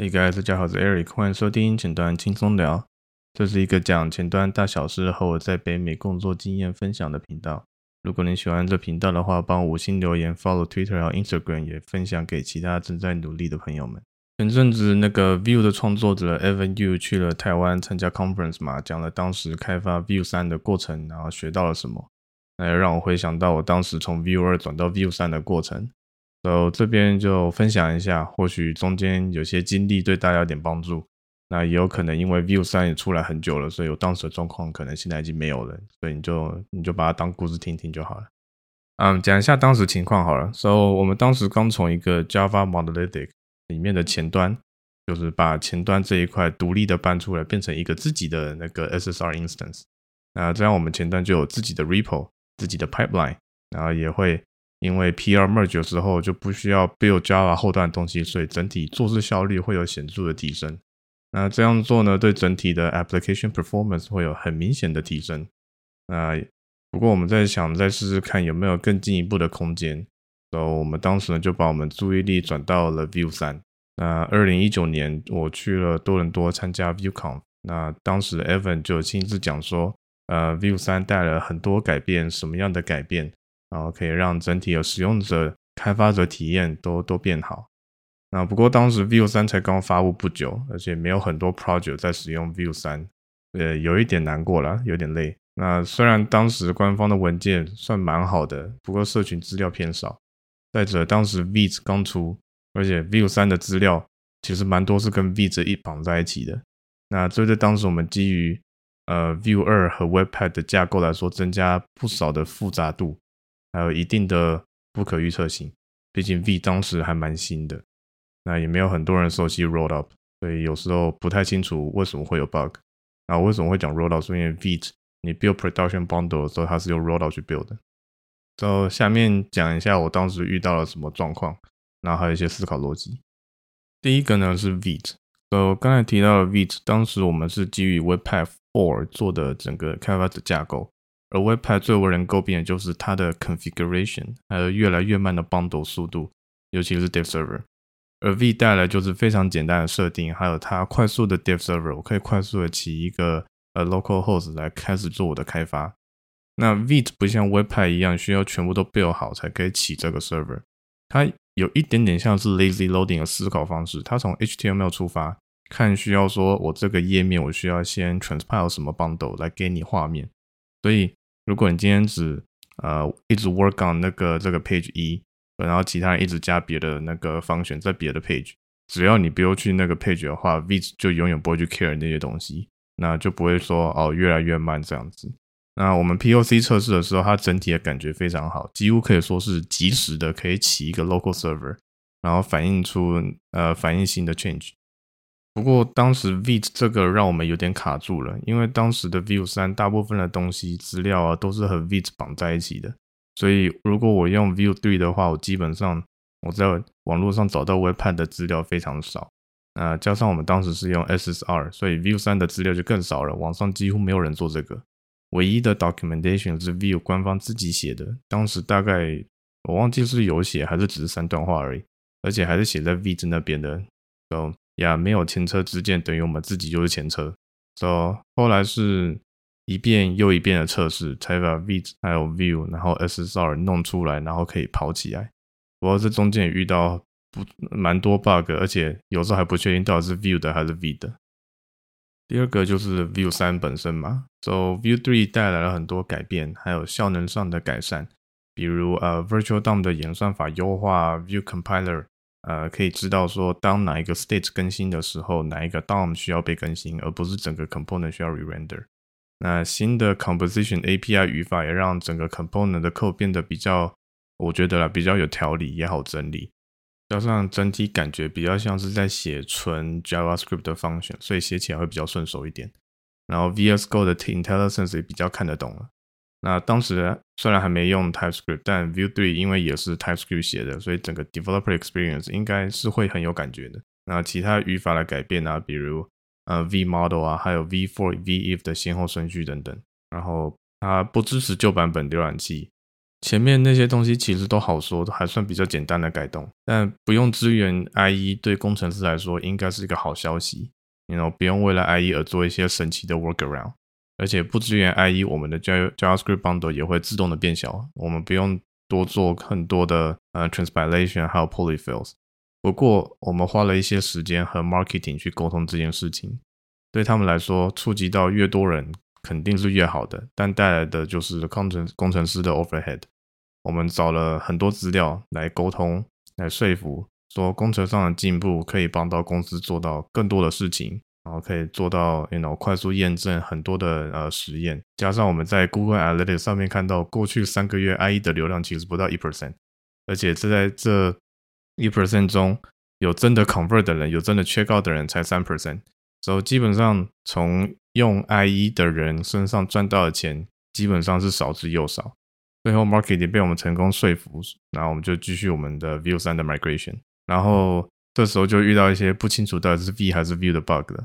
Hey guys，大家好，我是 Eric，歡迎收聽前端輕鬆聊。這是一個講前端大小事和我在北美工作經驗分享的頻道。如果您喜歡這頻道的話，幫我五星留言，follow Twitter 和 Instagram，也分享給其他正在努力的朋友們。前陣子那個 Vue 的創作者 Evan You 去了台灣參加 conference 嘛，講了當時開發 Vue 3的過程，然後學到了什麼，那也讓我回想到我當時從 Vue 2轉到 Vue 3的過程。然後、so, 這邊就分享一下，或許中間有些經歷對大家有點幫助。那也有可能因為 Vue 3也出來很久了，所以我當時的狀況可能現在已經沒有了，所以你就你就把它當故事聽聽就好了。嗯，講一下當時情況好了。所、so, 以我們當時剛從一個 Java Monolithic 裡面的前端，就是把前端這一塊獨立的搬出來，變成一個自己的那個 SSR instance。那這樣我們前端就有自己的 repo、自己的 pipeline，然後也會。因為 PR merge 有時候就不需要 build Java 後端的東西，所以整體做事效率會有顯著的提升。那這樣做呢，對整體的 application performance 會有很明顯的提升。那不過我們在想，再試試看有沒有更進一步的空間。以、so, 我們當時呢，就把我們注意力轉到了 Vue 三。那2019年，我去了多倫多參加 VueConf。那當時 Evan 就親自講說，呃，Vue 三帶來很多改變，什麼樣的改變？然後可以讓整體有使用者、開發者體驗都都變好。那不過當時 Vue 三才剛發佈不久，而且沒有很多 project 在使用 Vue 三，呃，有一點難過了，有點累。那雖然當時官方的文件算蠻好的，不過社群資料偏少。再者，當時 Vite 剛出，而且 Vue 三的資料其實蠻多是跟 Vite 一綁在一起的。那這對當時我們基於呃 Vue 二和 Webpack 的架構來說，增加不少的複雜度。還有一定的不可預測性，畢竟 V 當時還蠻新的，那也沒有很多人熟悉 Rollup，所以有時候不太清楚為什麼會有 bug。那我為什麼會講 Rollup？是因為 Vite 你 build production bundle 的時候，它是用 Rollup 去 build 的。然、so, 後下面講一下我當時遇到了什麼狀況，然後還有一些思考邏輯。第一個呢是 Vite，呃，我、so, 剛才提到的 Vite，當時我們是基於 Webpack 4做的整個開發者架構。而 Webpack 最為人詬病的就是它的 configuration，還有越來越慢的 bundle 速度，尤其是 dev server。而 Vite 帶來就是非常簡單的設定，還有它快速的 dev server，我可以快速的起一個呃 local host 來開始做我的開發。那 Vite 不像 Webpack 一樣需要全部都 build 好才可以起這個 server，它有一點點像是 lazy loading 的思考方式，它從 HTML 出發，看需要說我這個頁面我需要先 transpile 什麼 bundle 來給你畫面，所以，如果你今天只呃一直 work on 那個這個 page 一，然後其他人一直加別的那個 function 在別的 page，只要你不要去那個 page 的話 Vite 就永遠不會去 care 那些東西，那就不會說哦越來越慢這樣子。那我們 POC 測試的時候，它整體的感覺非常好，幾乎可以說是即時的，可以起一個 local server，然後反映出呃反映新的 change。不過當時 Vite 這個讓我們有點卡住了，因為當時的 Vue 三大部分的東西資料啊都是和 Vite 綁在一起的，所以如果我用 Vue 三的話，我基本上我在網絡上找到 Webpack 的資料非常少。那加上我們當時是用 SSR，所以 Vue 三的資料就更少了，網上幾乎沒有人做這個。唯一的 documentation 是 Vue 官方自己寫的，當時大概我忘記是有寫還是只是三段話而已，而且還是寫在 Vite 那邊的。然後也、yeah, 沒有前車之鑑，等於我們自己就是前車。So 後來是一遍又一遍的測試，才把 Vite 還有 Vue，然後 SSR 弄出來，然後可以跑起來。不過這中間也遇到不蠻多 bug，而且有時候還不確定到底是 Vue 的還是 Vite 的。第二個就是 Vue 3本身嘛，So Vue 3帶來了很多改變，還有效能上的改善，比如呃、uh, Virtual DOM 的演算法優化，Vue Compiler。V 呃，可以知道說，當哪一個 state 更新的時候，哪一個 DOM 需要被更新，而不是整個 component 需要 re-render。那新的 composition API 語法也讓整個 component 的 code 變得比較，我覺得啦，比較有條理也好整理，加上整體感覺比較像是在寫純 JavaScript 的 function，所以寫起來會比較順手一點。然後 VS Code 的 IntelliSense 也比較看得懂了。那當時雖然還沒用 TypeScript，但 Vue 3因為也是 TypeScript 寫的，所以整個 developer experience 應該是會很有感覺的。那其他語法的改變啊，比如呃 v-model 啊，還有 v-for、v-if 的先後順序等等。然後它不支持舊版本瀏覽器，前面那些東西其實都好說，還算比較簡單的改動。但不用支援 IE，對工程師來說應該是一個好消息，你 you 知 know, 不用為了 IE 而做一些神奇的 workaround。而且不支援 IE，我們的 Java JavaScript bundle、er、也會自動的變小，我們不用多做很多的呃 transpilation 還有 polyfills。不過我們花了一些時間和 marketing 去溝通這件事情，對他們來說，觸及到越多人肯定是越好的，但帶來的就是工程工程師的 overhead。我們找了很多資料來溝通來說服，說工程上的進步可以幫到公司做到更多的事情。然後可以做到，you know 快速驗證很多的呃實驗，加上我們在 Google Analytics 上面看到，過去三個月 IE 的流量其實不到一 percent，而且這在這一 percent 中，有真的 convert 的人，有真的缺告的人才三 percent，所以基本上從用 IE 的人身上賺到的錢，基本上是少之又少。最後 Marketing 被我們成功說服，然後我們就繼續我們的 View 三的 migration，然後這時候就遇到一些不清楚到底是 V 還是 View 的 bug 了。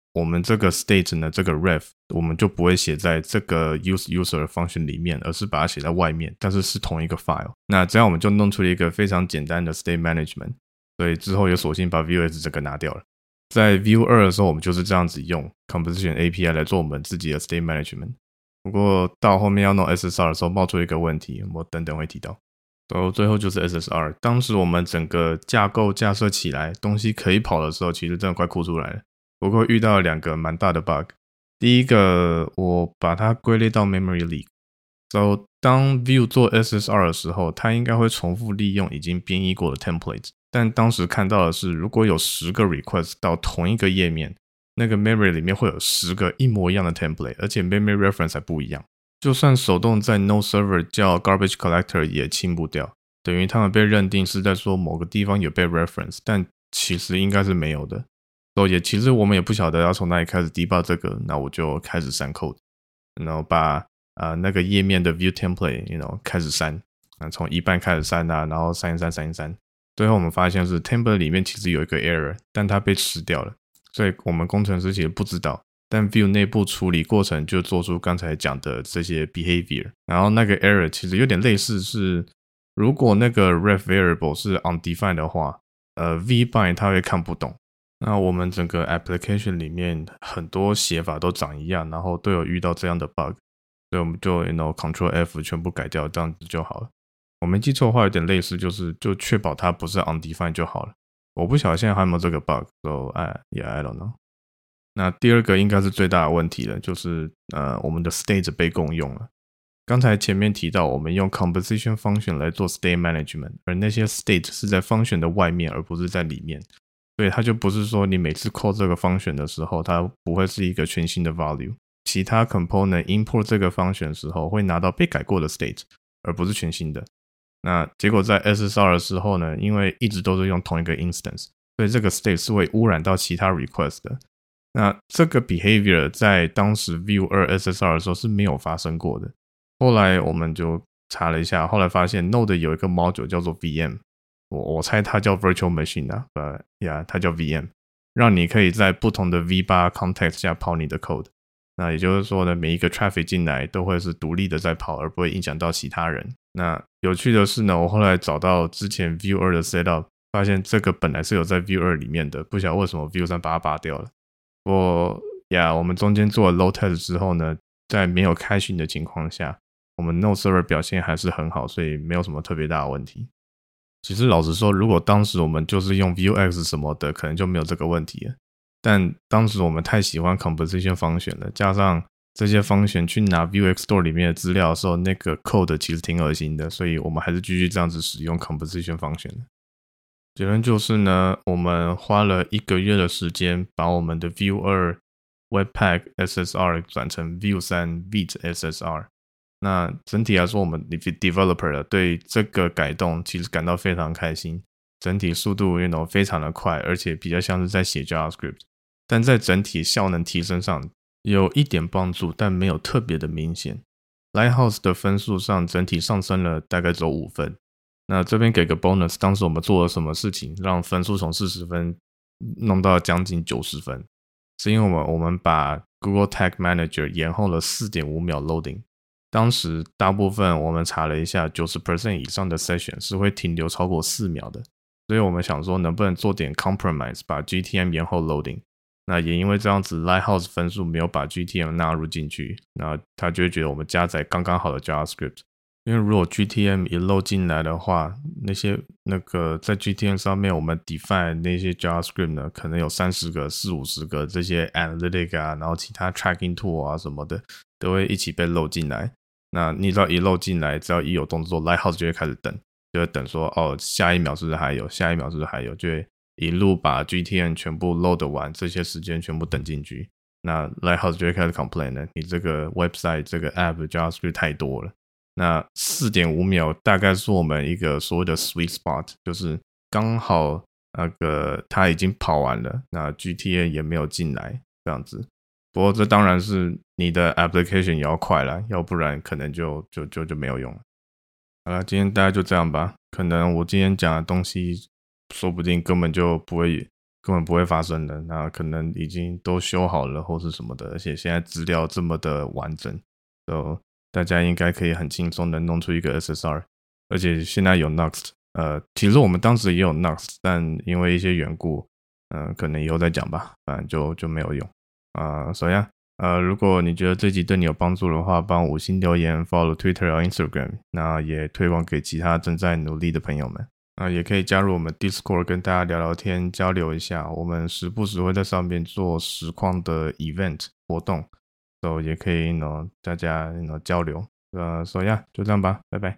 我們這個 state 呢，這個 ref 我們就不會寫在這個 use user 的 function 裡面，而是把它寫在外面，但是是同一個 file。那這樣我們就弄出了一個非常簡單的 state management。所以之後也索性把 Vuex 整個拿掉了。在 view 2的時候，我們就是這樣子用 composition API 來做我們自己的 state management。不過到後面要弄 SSR 的時候，冒出一個問題，我等等會提到。然後最後就是 SSR。當時我們整個架構架設起來，東西可以跑的時候，其實真的快哭出來了。不過遇到了兩個蠻大的 bug，第一個我把它歸類到 memory leak。So 當 Vue 做 SSR 的時候，它應該會重複利用已經編譯過的 template，但當時看到的是，如果有十個 request 到同一個頁面，那個 memory 裡面會有十個一模一樣的 template，而且 memory reference 還不一樣。就算手動在 Node server 叫 garbage collector 也清不掉，等於他們被認定是在說某個地方有被 reference，但其實應該是沒有的。哦也，其實我們也不曉得要從哪裡開始 debug 這個，那我就開始刪 code，然後把啊、呃、那個頁面的 view template，you know 開始刪啊，從、呃、一半開始刪啊，然後刪刪刪一刪,最後我們發現是 template 裡面其實有一個 error，但它被吃掉了，所以我們工程師其實不知道，但 view 內部處理過程就做出剛才講的這些 behavior，然後那個 error 其實有點類似是，如果那個 ref variable 是 undefined 的話，呃，v-bind 它會看不懂。那我們整個 application 裡面很多寫法都長一樣，然後都有遇到這樣的 bug，所以我們就 you know control F 全部改掉，這樣子就好了。我沒記錯的話，有點類似，就是就確保它不是 undefined 就好了。我不曉得現在還有沒有這個 bug，so, I, yeah, I don't know。那第二個應該是最大的問題了，就是呃我們的 state 被共用了。剛才前面提到，我們用 composition function 來做 state management，而那些 state 是在 function 的外面，而不是在裡面。所以它就不是說你每次 f u n c 這個方選的時候，它不會是一個全新的 value。其他 component import 這個方選時候，會拿到被改過的 state，而不是全新的。那結果在 SSR 的時候呢，因為一直都是用同一個 instance，所以這個 state 是會污染到其他 request 的。那這個 behavior 在當時 Vue 二 SSR 的時候是沒有發生過的。後來我們就查了一下，後來發現 Node 有一個 module 叫做 VM。我我猜它叫 virtual machine 啊，呃呀，它叫 VM，讓你可以在不同的 V8 context 下跑你的 code。那也就是說呢，每一個 traffic 進來都會是獨立的在跑，而不會影響到其他人。那有趣的是呢，我後來找到之前 Vue 二的 setup，發現這個本來是有在 Vue 二裡面的，不曉得為什麼 Vue 三把它拔掉了。我呀，yeah, 我們中間做了 load test 之後呢，在沒有開訓的情況下，我們 Node server 表現還是很好，所以沒有什麼特別大的問題。其實老實說，如果當時我們就是用 Vuex 什麼的，可能就沒有這個問題了。但當時我們太喜歡 Composition Function 了，加上這些 Function 去拿 Vuex Store 裡面的資料的時候，那個 code 其實挺噁心的，所以我們還是繼續這樣子使用 Composition Function 的。結論就是呢，我們花了一個月的時間，把我們的 Vue 二 Webpack SSR 轉成 Vue 三 Vite SSR。那整體來說，我們 developer 的對這個改動其實感到非常開心。整體速度，you know，非常的快，而且比較像是在寫 JavaScript，但在整體效能提升上有一點幫助，但沒有特別的明顯。Lighthouse 的分數上整體上升了大概只有五分。那這邊給個 bonus，當時我們做了什麼事情讓分數從四十分弄到將近九十分？是因為我們我們把 Google Tag Manager 延後了四點五秒 loading。當時大部分我們查了一下九十 percent 以上的 session 是會停留超過四秒的，所以我們想說能不能做點 compromise，把 GTM 延後 loading。那也因為這樣子，Lighthouse 分數沒有把 GTM 納入進去，那他就會覺得我們加載剛剛好的 JavaScript。因為如果 GTM 一 load 進來的話，那些那個在 GTM 上面我們 define 那些 JavaScript 呢，可能有三十個、四五十個這些 analytic 啊，然後其他 tracking tool 啊什麼的，都會一起被 load 進來。那你知道一漏進來，只要一有動作，Lighthouse 就會開始等，就會等說，哦，下一秒是不是還有？下一秒是不是還有？就會一路把 GTN 全部 load 的完，這些時間全部等進去。那 Lighthouse 就會開始 complain 了，你這個 website 這個 app 加載是不是太多了？那四點五秒大概是我們一個所謂的 sweet spot，就是剛好那個它已經跑完了，那 GTN 也沒有進來，這樣子。不過這當然是你的 application 也要快了，要不然可能就就就就，就沒有用了。好了，今天大家就這樣吧。可能我今天講的東西，說不定根本就不會，根本不會發生的。那可能已經都修好了或是什麼的，而且現在資料這麼的完整，所以大家應該可以很輕鬆的弄出一個 SSR。而且現在有 Nuxt，呃，其實我們當時也有 Nuxt，但因為一些緣故，嗯，可能以後再講吧。反正就就沒有用。啊，所以啊，so、yeah, 呃，如果你覺得這集對你有幫助的話，幫五星留言，follow Twitter 和 Instagram，那也推廣給其他正在努力的朋友們。啊、呃，也可以加入我們 Discord，跟大家聊聊天，交流一下。我們時不時會在上面做實況的 event 活動，so 也可以呢，you know, 大家呢 you know, 交流。呃，所以啊，就這樣吧，拜拜。